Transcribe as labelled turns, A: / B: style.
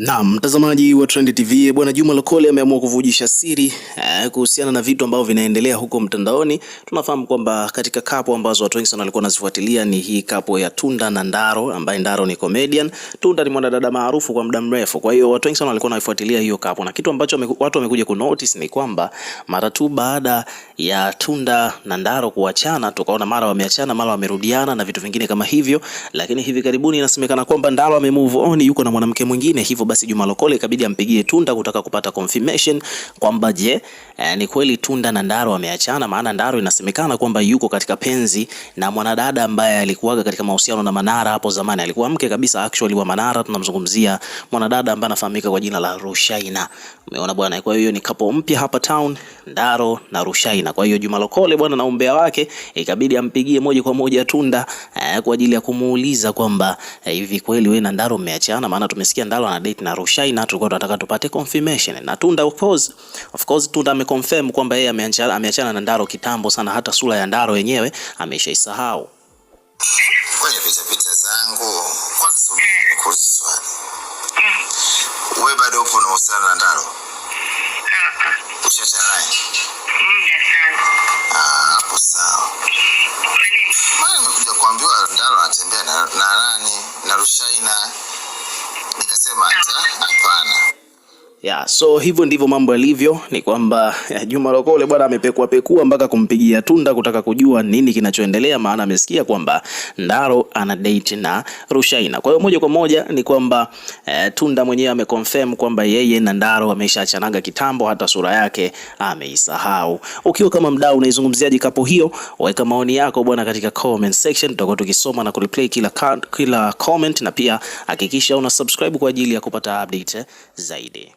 A: Naam, mtazamaji wa Trend TV, bwana Juma Lokole ameamua kuvujisha siri eh, kuhusiana na vitu ambavyo vinaendelea huko mtandaoni. Tunafahamu kwamba katika kapo ambazo watu wengi sana walikuwa wanazifuatilia ni hii kapo ya Tunda na Ndaro, ambaye Ndaro ni comedian, Tunda ni mwanadada maarufu kwa muda mrefu. Kwa hiyo watu wengi sana walikuwa wanaifuatilia hiyo kapo, na kitu ambacho watu wamekuja kunotice ni kwamba mara tu baada ya Tunda na Ndaro kuachana, tukaona mara wameachana, mara wamerudiana na vitu vingine kama hivyo, lakini hivi karibuni inasemekana kwamba Ndaro ame move on, yuko na mwanamke mwingine hivyo basi Juma Lokole ikabidi ampigie Tunda kutaka kupata confirmation kwamba je, eh, ni kweli Tunda na Ndaro wameachana. Maana Ndaro inasemekana kwamba yuko katika penzi na mwanadada ambaye alikuwaga katika mahusiano na Manara hapo zamani, alikuwa mke kabisa actually wa Manara. Tunamzungumzia mwanadada ambaye anafahamika kwa jina la Rushaina. Umeona bwana, kwa hiyo ni kapo mpya hapa town, Ndaro na Rushaina. Kwa hiyo Juma Lokole bwana na umbea wake ikabidi ampigie moja kwa moja Tunda eh, kwa ajili ya kumuuliza kwamba eh, hivi eh, kweli wewe na Ndaro mmeachana? Maana tumesikia Ndaro ana date Talib na Rushaina, tulikuwa tunataka tupate confirmation na Tunda. Of course, of course Tunda ameconfirm kwamba yeye ameachana na Ndaro kitambo sana, hata sura ya Ndaro yenyewe ameshaisahau
B: kwenye picha picha zangu. Kwanza kuhusu swali. wewe bado upo na uhusiano na Ndaro Ushacha naye? Mm, ah, hapo, sawa? Mimi nimekuja kuambiwa
A: Yeah, so hivyo ndivyo mambo yalivyo, ni kwamba ya, eh, Juma Lokole bwana amepekua pekua mpaka kumpigia Tunda kutaka kujua nini kinachoendelea, maana amesikia kwamba Ndaro ana date na Rushaina. Kwa hiyo moja kwa moja ni kwamba eh, Tunda mwenyewe ameconfirm kwamba yeye na Ndaro ameshaachanaga kitambo, hata sura yake ameisahau. Ukiwa kama mdau, unaizungumziaje kapo hiyo? Weka maoni yako bwana katika comment section, tutakuwa tukisoma na kureplay kila, kila comment, na pia hakikisha una subscribe kwa ajili ya kupata update zaidi.